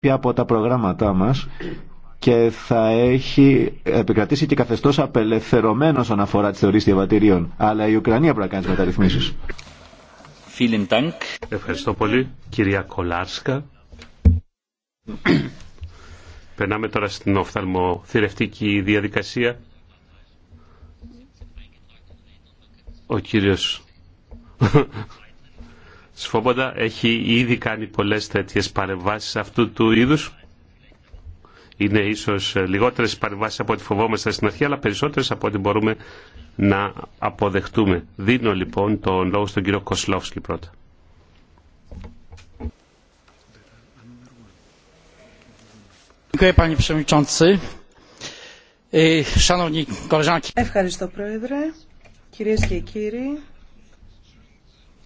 πια από τα προγράμματά μας και θα έχει επικρατήσει και καθεστώς απελευθερωμένο όσον αφορά τις θεωρίες διαβατηρίων. Αλλά η Ουκρανία πρέπει να κάνει τις μεταρρυθμίσεις. Ευχαριστώ πολύ. Κυρία Κολάρσκα. Περνάμε τώρα στην οφθαλμοθυρευτική διαδικασία. Ο κύριος Σφόμποντα έχει ήδη κάνει πολλές τέτοιες παρεμβάσεις αυτού του είδους. Είναι ίσως λιγότερες παρεμβάσεις από ό,τι φοβόμαστε στην αρχή, αλλά περισσότερες από ό,τι μπορούμε να αποδεχτούμε. Δίνω λοιπόν τον λόγο στον κύριο Κοσλόφσκι πρώτα. Ε, Ευχαριστώ Πρόεδρε, κυρίες και κύριοι.